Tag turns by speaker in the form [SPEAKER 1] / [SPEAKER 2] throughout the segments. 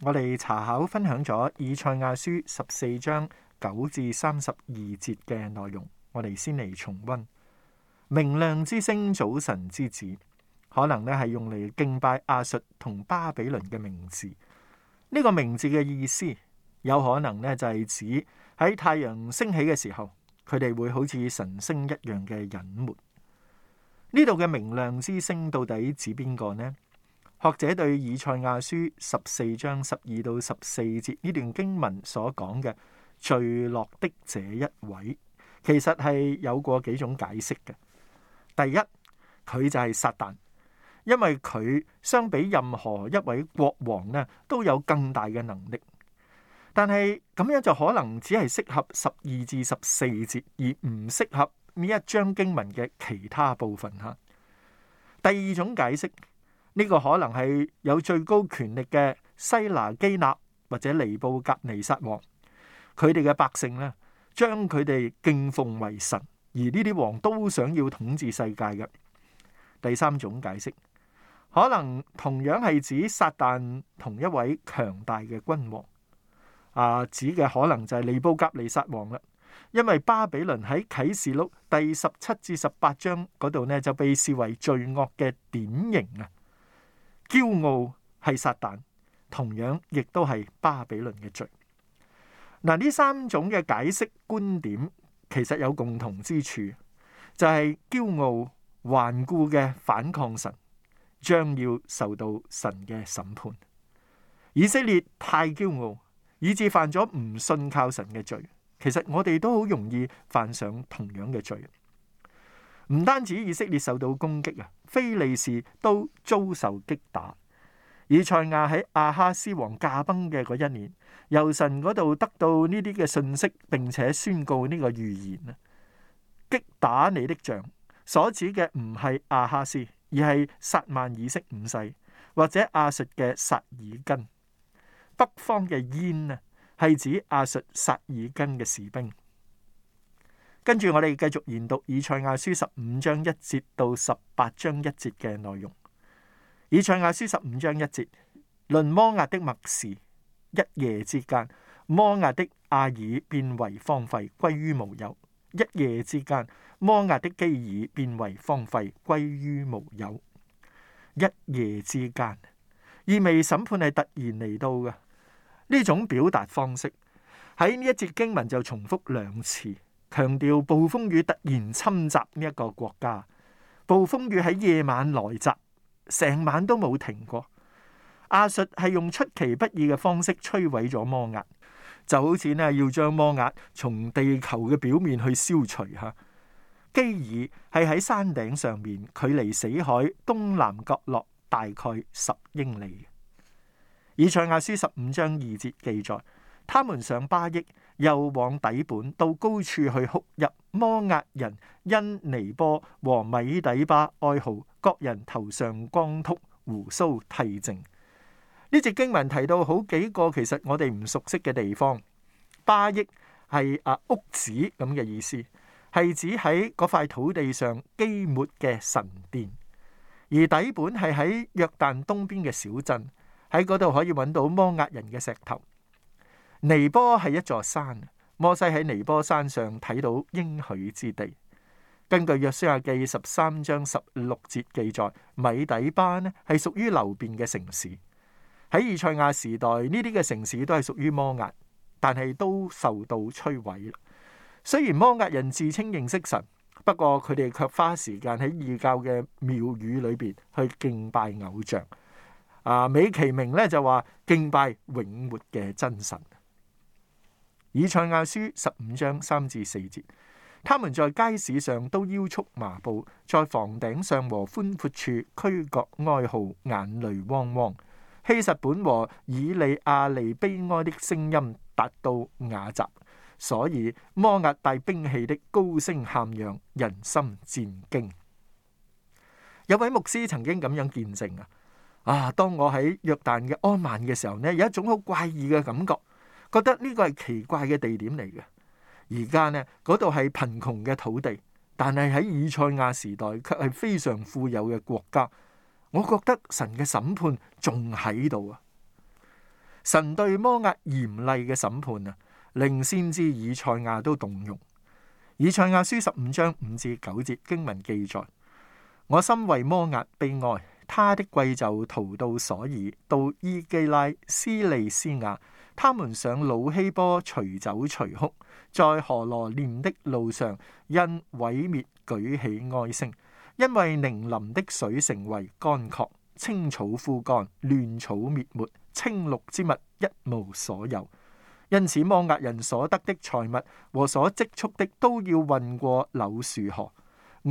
[SPEAKER 1] 我哋查考分享咗以賽亞書十四章九至三十二節嘅內容，我哋先嚟重溫明亮之星、早晨之子，可能咧係用嚟敬拜亞述同巴比倫嘅名字。呢、這個名字嘅意思，有可能咧就係、是、指喺太陽升起嘅時候，佢哋會好似神星一樣嘅隱瞞。呢度嘅明亮之星到底指邊個呢？學者對以賽亞書十四章十二到十四節呢段經文所講嘅墜落的這一位，其實係有過幾種解釋嘅。第一，佢就係撒旦，因為佢相比任何一位國王呢，都有更大嘅能力。但係咁樣就可能只係適合十二至十四節，而唔適合呢一章經文嘅其他部分吓。第二種解釋。呢個可能係有最高權力嘅西拿基納或者尼布甲尼撒王，佢哋嘅百姓咧，將佢哋敬奉為神，而呢啲王都想要統治世界嘅。第三種解釋可能同樣係指撒旦同一位強大嘅君王，啊，指嘅可能就係尼布甲尼撒王啦，因為巴比倫喺啟示錄第十七至十八章嗰度呢，就被視為罪惡嘅典型啊。驕傲係撒但，同樣亦都係巴比倫嘅罪。嗱，呢三種嘅解釋觀點其實有共同之處，就係驕傲頑固嘅反抗神，將要受到神嘅審判。以色列太驕傲，以致犯咗唔信靠神嘅罪。其實我哋都好容易犯上同樣嘅罪。唔單止以色列受到攻擊啊，非利士都遭受擊打。以賽亞喺亞哈斯王駕崩嘅嗰一年，由神嗰度得到呢啲嘅信息，並且宣告呢個預言啊，擊打你的杖所指嘅唔係亞哈斯，而係撒縵以色五世，或者亞述嘅撒珥根。北方嘅煙啊，係指亞述撒珥根嘅士兵。跟住我哋繼續研讀以賽亞書十五章一節到十八章一節嘅內容。以賽亞書十五章一節：論摩亞的默示，一夜之間，摩亞的阿爾變為荒廢，歸於無有；一夜之間，摩亞的基爾變為荒廢，歸於無有。一夜之間，意味審判係突然嚟到嘅。呢種表達方式，喺呢一節經文就重複兩次。強調暴風雨突然侵襲呢一個國家，暴風雨喺夜晚來襲，成晚都冇停過。亞述係用出其不意嘅方式摧毀咗摩押，就好似咧要將摩押從地球嘅表面去消除嚇。基爾係喺山頂上面，距離死海東南角落大概十英里。以賽亞書十五章二節記載，他們上巴益。又往底本到高處去哭泣。摩押人因尼波和米底巴哀號，各人頭上光禿，鬍鬚剃淨。呢節經文提到好幾個其實我哋唔熟悉嘅地方。巴益係啊屋子，咁嘅意思，係指喺嗰塊土地上基抹嘅神殿。而底本係喺約旦東邊嘅小鎮，喺嗰度可以搵到摩押人嘅石頭。尼波係一座山，摩西喺尼波山上睇到應許之地。根據約書亞記十三章十六節記載，米底班呢係屬於流便嘅城市。喺以賽亞時代，呢啲嘅城市都係屬於摩押，但係都受到摧毀。雖然摩押人自稱認識神，不過佢哋却花時間喺異教嘅廟宇裏邊去敬拜偶像。啊，美其名呢就話敬拜永活嘅真神。以賽亞書十五章三至四節，他們在街市上都腰束麻布，在房頂上和寬闊處俱各哀號，眼淚汪汪。希實本和以利亞利悲哀的聲音達到雅雜，所以摩押帶兵器的高聲喊嚷，人心戰兢。有位牧師曾經咁樣見證啊！啊，當我喺約旦嘅安曼嘅時候呢，有一種好怪異嘅感覺。覺得呢個係奇怪嘅地點嚟嘅，而家呢嗰度係貧窮嘅土地，但係喺以賽亞時代卻係非常富有嘅國家。我覺得神嘅審判仲喺度啊！神對摩押嚴厲嘅審判啊，令先知以賽亞都動容。以賽亞書十五章五至九節經文記載：我心為摩押悲哀。他的貴胄逃到所爾，到伊基拉、斯利斯亞，他們上魯希波，隨走隨哭，在何羅念的路上，因毀滅舉起哀聲，因為凝林的水成為乾涸，青草枯乾，亂草滅沒，青綠之物一無所有。因此摩押人所得的財物和所積蓄的都要運過柳樹河。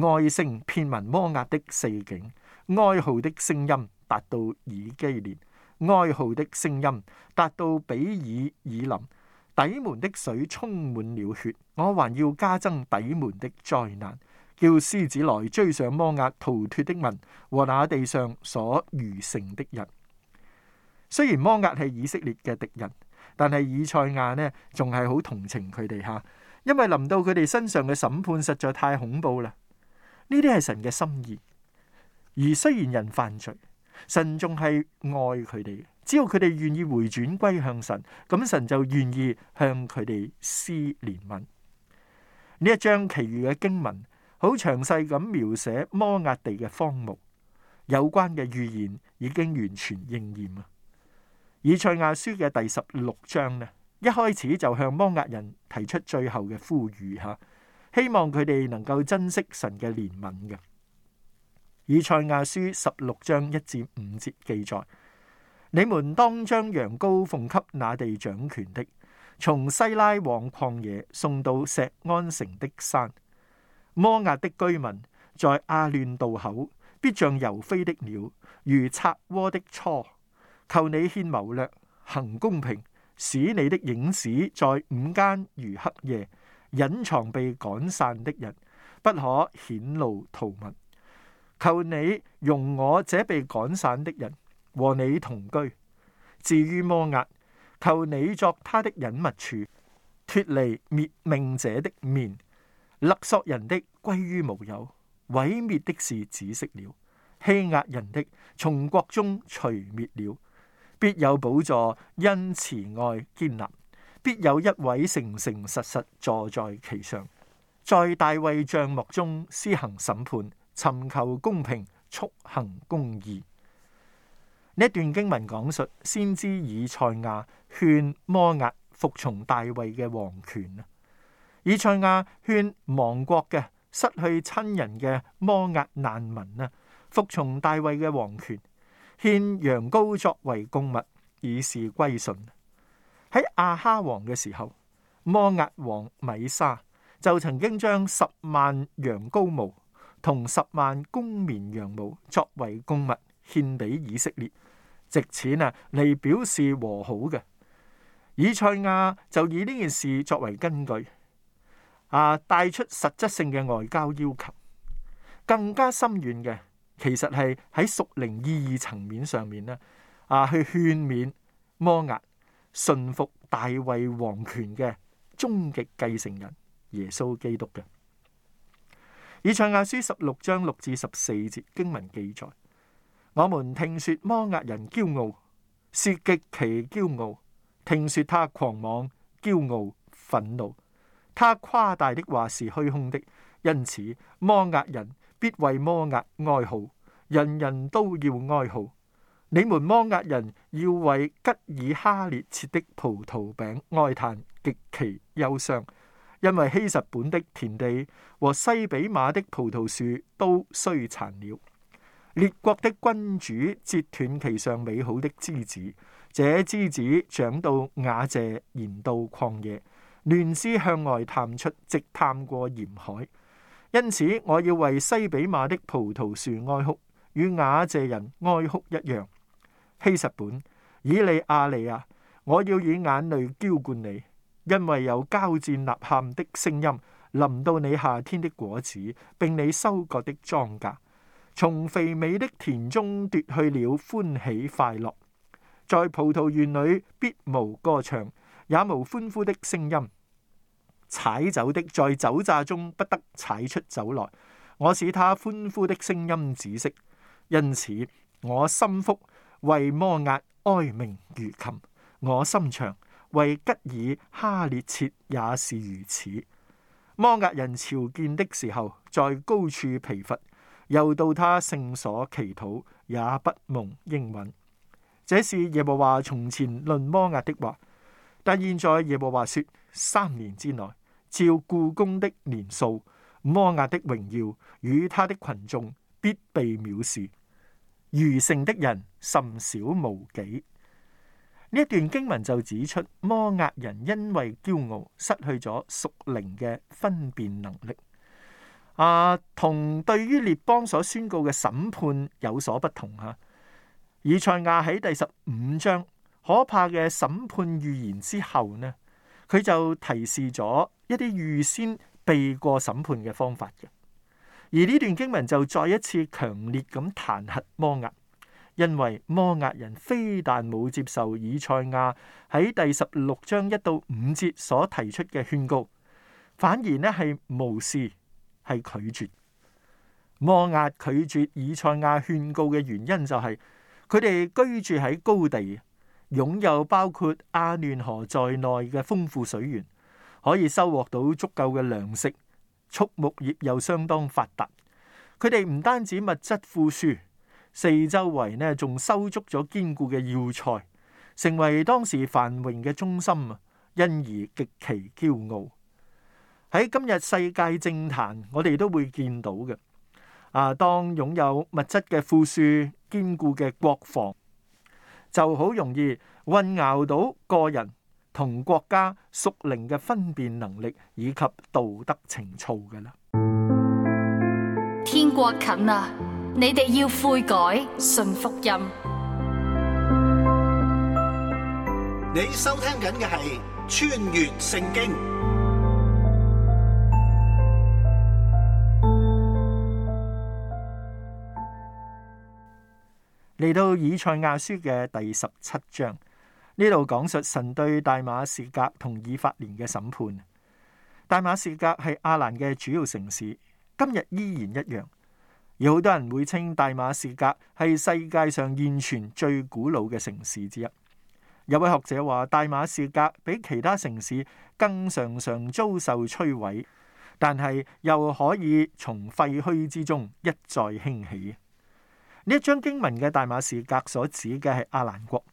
[SPEAKER 1] 哀聲遍聞摩押的四境。哀號的聲音達到以基蓮，哀號的聲音達到比珥以琳。底門的水充滿了血，我還要加增底門的災難，叫獅子來追上摩押逃脫的民和那地上所餘剩的人。雖然摩押係以色列嘅敵人，但係以賽亞呢仲係好同情佢哋吓，因為臨到佢哋身上嘅審判實在太恐怖啦。呢啲係神嘅心意。而雖然人犯罪，神仲係愛佢哋。只要佢哋願意回轉歸向神，咁神就願意向佢哋施憐憫。呢一章其餘嘅經文，好詳細咁描寫摩押地嘅荒蕪，有關嘅預言已經完全應驗啊！以賽亞書嘅第十六章呢，一開始就向摩押人提出最後嘅呼籲吓，希望佢哋能夠珍惜神嘅憐憫嘅。以賽亞書十六章一至五節記載：你們當將羊羔奉給那地掌權的，從西拉往曠野送到石安城的山。摩押的居民在阿亂渡口，必像遊飛的鳥，如拆窩的雛。求你獻謀略，行公平，使你的影子在午間如黑夜，隱藏被趕散的人，不可顯露逃民。」求你容我這被趕散的人和你同居。至於摩押，求你作他的隱密處，脱離滅命者的面，勒索人的歸於無有，毀滅的事止息了；欺壓人的從國中除滅了。必有寶座因慈愛堅立，必有一位誠誠實實坐在其上，在大衛帳幕中施行審判。尋求公平，速行公義。呢段經文講述，先知以賽亞勸摩押服從大衛嘅王權。以賽亞勸亡國嘅失去親人嘅摩押難民啊，服從大衛嘅王權，獻羊羔作為貢物，以示歸順。喺亞哈王嘅時候，摩押王米沙就曾經將十萬羊羔毛。同十萬公綿羊毛作為公物獻俾以色列，值錢啊！嚟表示和好嘅，以賽亞就以呢件事作為根據，啊，帶出實質性嘅外交要求。更加深遠嘅，其實係喺屬靈意義層面上面咧，啊，去勸勉摩押順服大衛王權嘅終極繼承人耶穌基督嘅。以賽亞書十六章六至十四節經文記載，我們聽說摩押人驕傲，是極其驕傲。聽說他狂妄、驕傲、憤怒，他誇大的話是虛空的。因此，摩押人必為摩押哀號，人人都要哀號。你們摩押人要為吉爾哈列切的葡萄餅哀嘆，極其憂傷。因為希實本的田地和西比瑪的葡萄樹都衰殘了，列國的君主折斷其上美好的枝子，這枝子長到雅謝，延到曠野，嫩枝向外探出，直探過鹽海。因此我要為西比瑪的葡萄樹哀哭，與雅謝人哀哭一樣。希實本，以利亞利啊，我要以眼淚澆灌你。因為有交戰吶喊的聲音，臨到你夏天的果子，並你收割的莊稼，從肥美的田中奪去了歡喜快樂，在葡萄園裏必無歌唱，也無歡呼的聲音。踩走的在酒榨中不得踩出酒來，我使他歡呼的聲音止息。因此我心腹為摩押哀鳴如琴，我心腸。為吉爾哈列切也是如此。摩押人朝見的時候，在高處疲乏，又到他聖所祈禱，也不蒙應允。這是耶和華從前論摩押的話，但現在耶和華說：三年之內，照僱工的年數，摩押的榮耀與他的群眾必被藐視，餘剩的人甚少無幾。呢段經文就指出，摩押人因為驕傲，失去咗屬靈嘅分辨能力。啊，同對於列邦所宣告嘅審判有所不同吓。以賽亞喺第十五章可怕嘅審判預言之後呢，佢就提示咗一啲預先避過審判嘅方法嘅。而呢段經文就再一次強烈咁彈劾摩押。因為摩押人非但冇接受以賽亞喺第十六章一到五節所提出嘅勸告，反而咧係無視，係拒絕。摩押拒絕以賽亞勸告嘅原因就係佢哋居住喺高地，擁有包括阿嫩河在內嘅豐富水源，可以收穫到足夠嘅糧食，畜牧業又相當發達。佢哋唔單止物質富庶。四周圍呢，仲收足咗堅固嘅要塞，成為當時繁榮嘅中心啊，因而極其驕傲。喺今日世界政壇，我哋都會見到嘅。啊，當擁有物質嘅富庶、堅固嘅國防，就好容易混淆到個人同國家、屬靈嘅分辨能力以及道德情操㗎喇。天國近啊！你哋要悔改，信福音。你收聽緊嘅係《穿越聖經》。嚟到以賽亞書嘅第十七章，呢度講述神對大馬士革同以法蓮嘅審判。大馬士革係亞蘭嘅主要城市，今日依然一樣。有好多人會稱大馬士革係世界上現存最古老嘅城市之一。有位學者話，大馬士革比其他城市更常常遭受摧毀，但係又可以從廢墟之中一再興起。呢一張經文嘅大馬士革所指嘅係亞蘭國。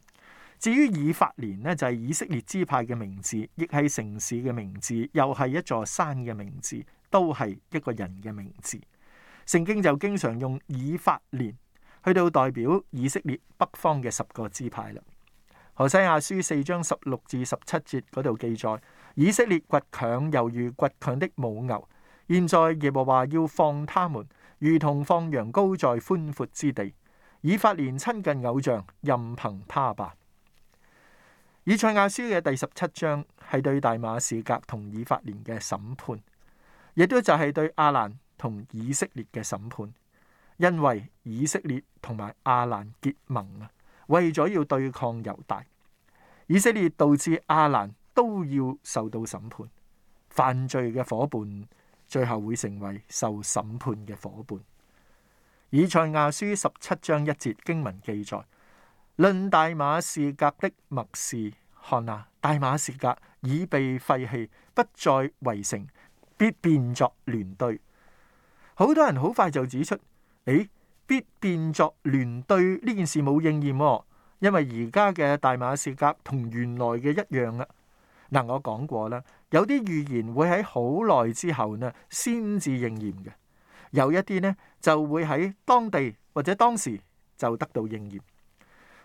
[SPEAKER 1] 至於以法蓮呢，就係以色列支派嘅名字，亦係城市嘅名字，又係一座山嘅名字，都係一個人嘅名字。聖經就經常用以法蓮去到代表以色列北方嘅十個支派啦。何西亞書四章十六至十七節嗰度記載：以色列倔強猶如倔強的母牛，現在耶和華要放他們，如同放羊羔在寬闊之地。以法蓮親近偶像，任憑他吧。以賽亞書嘅第十七章係對大馬士革同以法蓮嘅審判，亦都就係對阿蘭同以色列嘅審判，因為以色列同埋亞蘭結盟啊，為咗要對抗猶大。以色列導致亞蘭都要受到審判，犯罪嘅伙伴最後會成為受審判嘅伙伴。以賽亞書十七章一節經文記載，論大馬士革的默示，看哪，大馬士革已被廢棄，不再為城，必變作亂堆。好多人好快就指出，誒必變作亂堆呢件事冇應驗，哦，因為而家嘅大馬士革同原來嘅一樣噶。嗱，我講過啦，有啲預言會喺好耐之後呢先至應驗嘅，有一啲呢就會喺當地或者當時就得到應驗。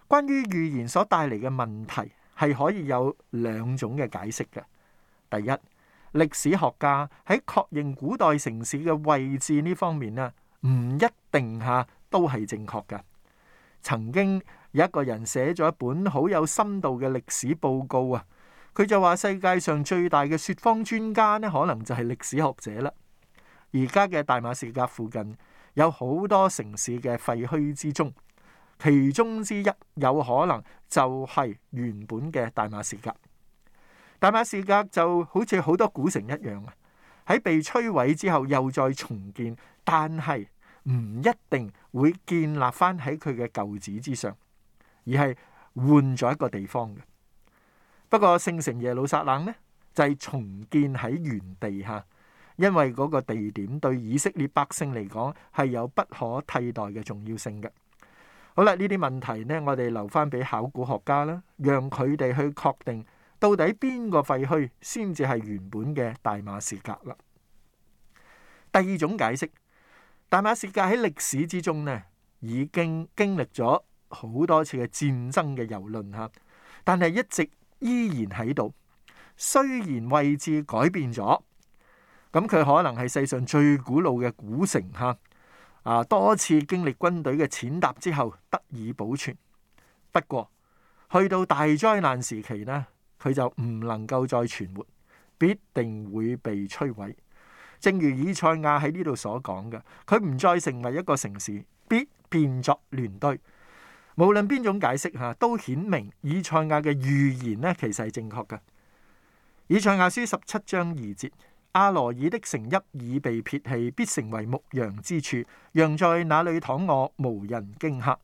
[SPEAKER 1] 關於預言所帶嚟嘅問題，係可以有兩種嘅解釋嘅。第一。歷史學家喺確認古代城市嘅位置呢方面咧，唔一定吓都係正確㗎。曾經有一個人寫咗一本好有深度嘅歷史報告啊，佢就話世界上最大嘅説謊專家呢，可能就係歷史學者啦。而家嘅大馬士革附近有好多城市嘅廢墟之中，其中之一有可能就係原本嘅大馬士革。大馬士革就好似好多古城一樣啊，喺被摧毀之後又再重建，但係唔一定會建立翻喺佢嘅舊址之上，而係換咗一個地方嘅。不過聖城耶路撒冷呢，就係重建喺原地吓，因為嗰個地點對以色列百姓嚟講係有不可替代嘅重要性嘅。好啦，呢啲問題呢，我哋留翻俾考古學家啦，讓佢哋去確定。到底邊個廢墟先至係原本嘅大馬士革啦？第二種解釋，大馬士革喺歷史之中咧，已經經歷咗好多次嘅戰爭嘅蹂躪吓，但係一直依然喺度。雖然位置改變咗，咁佢可能係世上最古老嘅古城吓。啊，多次經歷軍隊嘅踐踏之後，得以保存。不過去到大災難時期呢。佢就唔能夠再存活，必定會被摧毀。正如以賽亞喺呢度所講嘅，佢唔再成為一個城市，必變作亂堆。無論邊種解釋吓，都顯明以賽亞嘅預言呢，其實係正確嘅。以賽亞書十七章二節：阿羅爾的城邑已被撇棄，必成為牧羊之處，羊在那裡躺卧，無人驚嚇。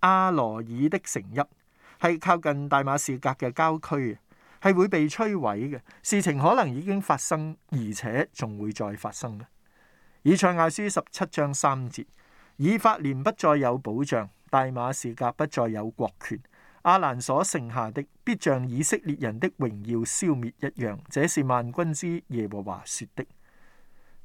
[SPEAKER 1] 阿羅爾的城邑係靠近大馬士革嘅郊區。係會被摧毀嘅事情，可能已經發生，而且仲會再發生嘅。以賽亞書十七章三節：以法蓮不再有保障，大馬士革不再有國權。阿蘭所剩下的，必像以色列人的榮耀消滅一樣。這是萬軍之耶和華說的。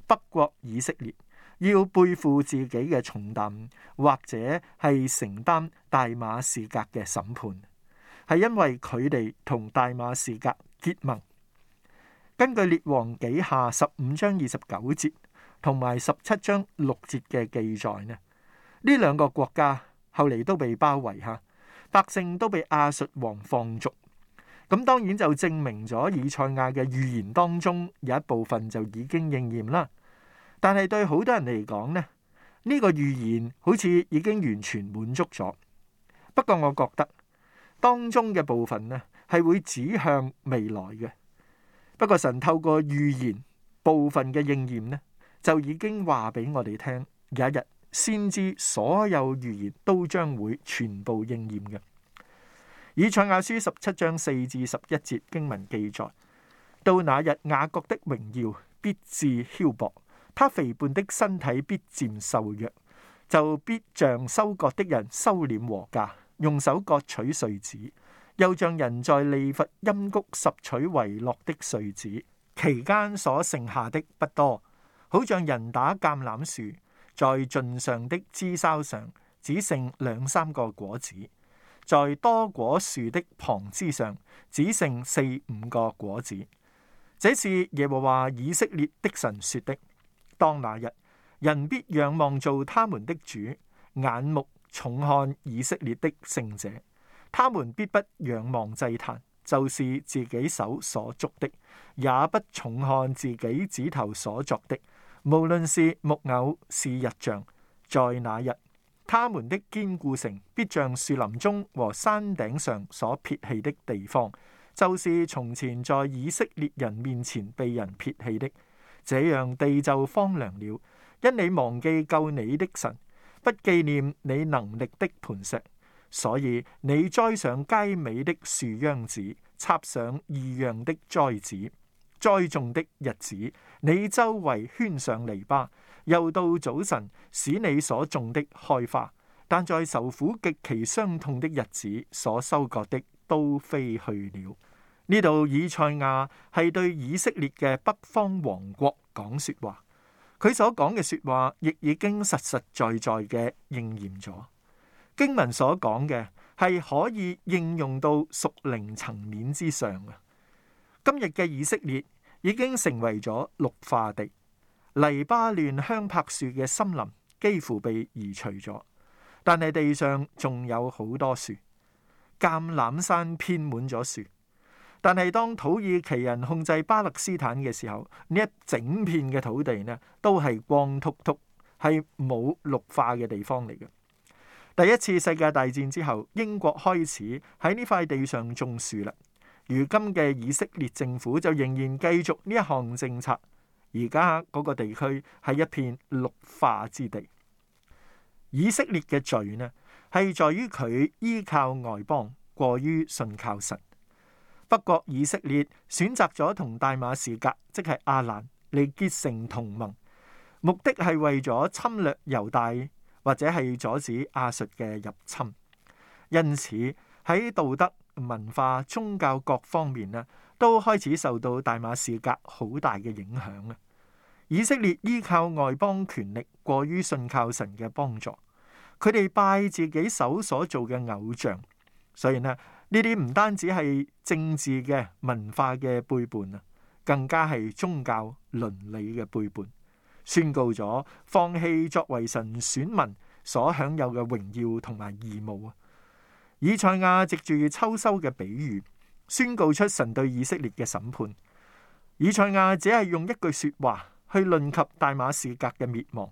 [SPEAKER 1] 北國以色列要背負自己嘅重擔，或者係承擔大馬士革嘅審判。係因為佢哋同大馬士革結盟。根據《列王紀下》十五章二十九節同埋十七章六節嘅記載呢，呢兩個國家後嚟都被包圍嚇，百姓都被亞述王放逐。咁當然就證明咗以賽亞嘅預言當中有一部分就已經應驗啦。但係對好多人嚟講呢，呢、呢個預言好似已經完全滿足咗。不過我覺得。當中嘅部分呢，係會指向未來嘅。不過神透過預言部分嘅應驗呢，就已經話俾我哋聽，有一日先知所有預言都將會全部應驗嘅。以賽亞書十七章四至十一節經文記載：到那日雅各的榮耀必至枵薄，他肥胖的身體必漸瘦弱，就必像收割的人收斂禾稼。用手割取穗子，又像人在利乏音谷拾取遺落的穗子，其間所剩下的不多，好像人打橄欖樹，在盡上的枝梢上只剩兩三個果子，在多果樹的旁枝上只剩四五個果子。這是耶和華以色列的神說的。當那日，人必仰望做他們的主，眼目，重看以色列的聖者，他們必不仰望祭壇，就是自己手所作的，也不重看自己指頭所作的，無論是木偶是日像，在那日他們的堅固城必像樹林中和山頂上所撇棄的地方，就是從前在以色列人面前被人撇棄的，這樣地就荒涼了，因你忘記救你的神。不紀念你能力的磐石，所以你栽上佳美的樹秧子，插上異樣的栽子，栽種的日子，你周圍圈上籬笆，又到早晨，使你所種的開花，但在受苦極其傷痛的日子，所收割的都飛去了。呢度以賽亞係對以色列嘅北方王國講說話。佢所講嘅説話，亦已經實實在在嘅應驗咗。經文所講嘅係可以應用到屬靈層面之上嘅。今日嘅以色列已經成為咗綠化地，黎巴嫩香柏樹嘅森林幾乎被移除咗，但係地上仲有好多樹，橄欖山遍滿咗樹。但係，當土耳其人控制巴勒斯坦嘅時候，呢一整片嘅土地呢，都係光禿禿，係冇綠化嘅地方嚟嘅。第一次世界大戰之後，英國開始喺呢塊地上種樹啦。如今嘅以色列政府就仍然繼續呢項政策，而家嗰個地區係一片綠化之地。以色列嘅罪呢，係在於佢依靠外邦，過於信靠神。不過，以色列選擇咗同大馬士革，即係阿蘭，嚟結成同盟，目的係為咗侵略猶大，或者係阻止亞述嘅入侵。因此喺道德、文化、宗教各方面咧，都開始受到大馬士革好大嘅影響啊！以色列依靠外邦權力，過於信靠神嘅幫助，佢哋拜自己手所做嘅偶像，所以呢。呢啲唔單止係政治嘅文化嘅背叛啊，更加係宗教倫理嘅背叛，宣告咗放棄作為神選民所享有嘅榮耀同埋義務啊。以賽亞藉住秋收嘅比喻，宣告出神對以色列嘅審判。以賽亞只係用一句說話去論及大馬士革嘅滅亡，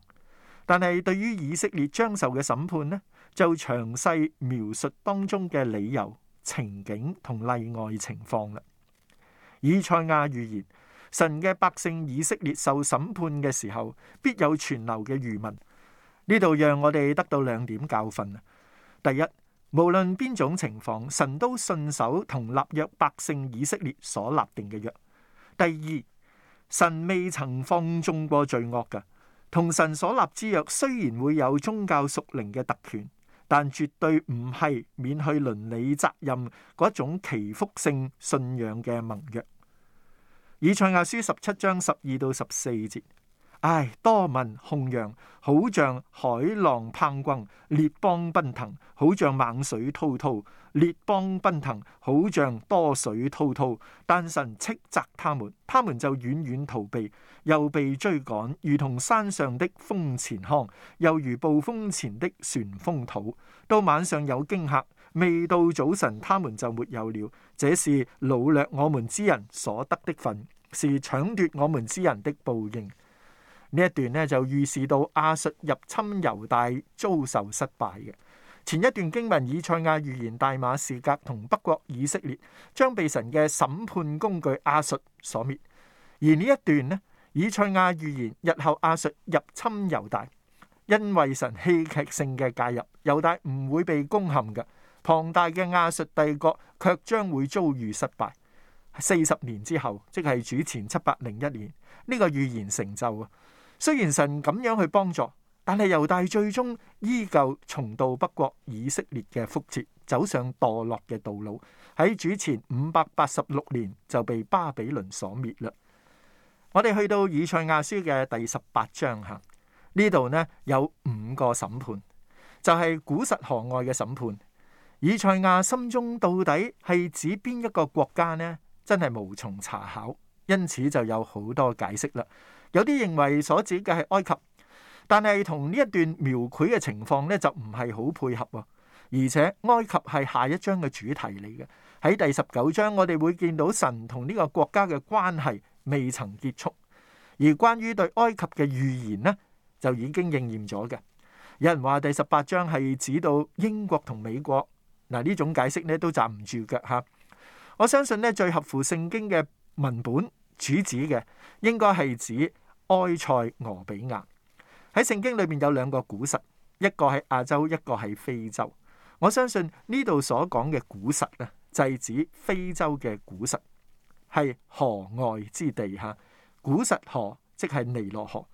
[SPEAKER 1] 但係對於以色列將受嘅審判呢，就詳細描述當中嘅理由。情景同例外情況啦。以賽亞預言，神嘅百姓以色列受審判嘅時候，必有存留嘅餘民。呢度讓我哋得到兩點教訓。第一，無論邊種情況，神都信守同立約百姓以色列所立定嘅約。第二，神未曾放縱過罪惡噶。同神所立之約，雖然會有宗教屬靈嘅特權。但絕對唔係免去倫理責任嗰一種祈福性信仰嘅盟約。以賽亞書十七章十二到十四節。唉，多民鬨嚷，好像海浪匉訇，列邦奔騰，好像猛水滔滔，列邦奔騰，好像多水滔滔。但神斥責他們，他們就遠遠逃避，又被追趕，如同山上的風前糠，又如暴風前的旋風土。到晚上有驚嚇，未到早晨，他們就沒有了。這是擄掠我們之人所得的份，是搶奪我們之人的報應。呢一段呢，就預示到亞述入侵猶大遭受失敗嘅前一段經文，以賽亞預言大馬士革同北國以色列將被神嘅審判工具亞述所滅。而呢一段呢，以賽亞預言日後亞述入侵猶大，因為神戲劇性嘅介入，猶大唔會被攻陷嘅龐大嘅亞述帝國卻將會遭遇失敗。四十年之後，即係主前七百零一年，呢、這個預言成就啊！雖然神咁樣去幫助，但係猶大最終依舊重蹈北國以色列嘅覆轍，走上墮落嘅道路。喺主前五百八十六年就被巴比倫所滅啦。我哋去到以賽亞書嘅第十八章吓，呢度呢有五個審判，就係古實河外嘅審判。以賽亞心中到底係指邊一個國家呢？真係無從查考，因此就有好多解釋啦。有啲認為所指嘅係埃及，但係同呢一段描繪嘅情況咧就唔係好配合喎，而且埃及係下一章嘅主題嚟嘅。喺第十九章，我哋會見到神同呢個國家嘅關係未曾結束，而關於對埃及嘅預言呢就已經應驗咗嘅。有人話第十八章係指到英國同美國，嗱呢種解釋咧都站唔住腳嚇。我相信咧最合乎聖經嘅文本。主指嘅應該係指埃塞俄比亞喺聖經裏面有兩個古實，一個係亞洲，一個係非洲。我相信呢度所講嘅古實咧，就係、是、指非洲嘅古實，係河外之地哈。古實河即係尼羅河。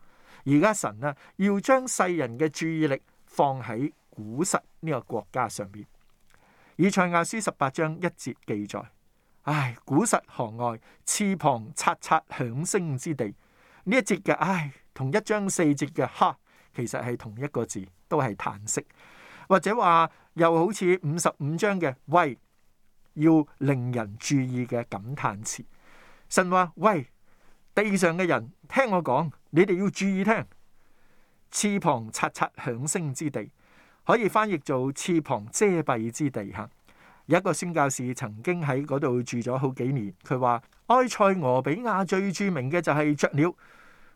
[SPEAKER 1] 而家神咧、啊、要將世人嘅注意力放喺古實呢個國家上面。以賽亞書十八章一節記載。唉，古實河外，翅膀刷刷響聲之地，呢一節嘅唉，同一章四節嘅哈，其實係同一個字，都係嘆息，或者話又好似五十五章嘅喂，要令人注意嘅感嘆詞。神話喂，地上嘅人聽我講，你哋要注意聽。翅膀刷刷響聲之地，可以翻譯做翅膀遮蔽之地哈。一個宣教士曾經喺嗰度住咗好幾年，佢話埃塞俄比亞最著名嘅就係雀鳥，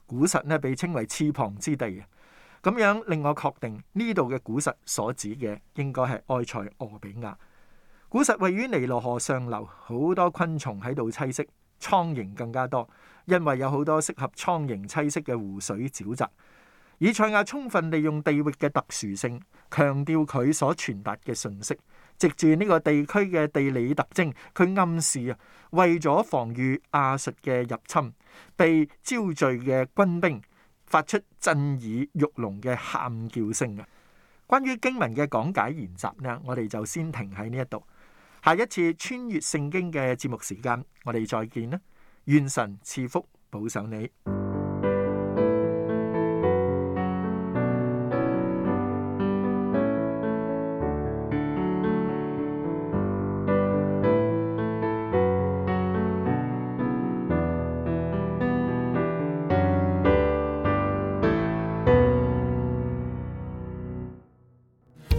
[SPEAKER 1] 古實呢，被稱為翅膀之地啊，咁樣令我確定呢度嘅古實所指嘅應該係埃塞俄比亞。古實位於尼羅河上流，好多昆蟲喺度棲息，蒼蠅更加多，因為有好多適合蒼蠅棲息嘅湖水沼澤。以賽亞充分利用地域嘅特殊性，強調佢所傳達嘅信息。藉住呢個地區嘅地理特徵，佢暗示啊，為咗防禦亞述嘅入侵，被招聚嘅軍兵發出震耳欲聾嘅喊叫聲啊！關於經文嘅講解研習呢，我哋就先停喺呢一度。下一次穿越聖經嘅節目時間，我哋再見啦！願神賜福保守你。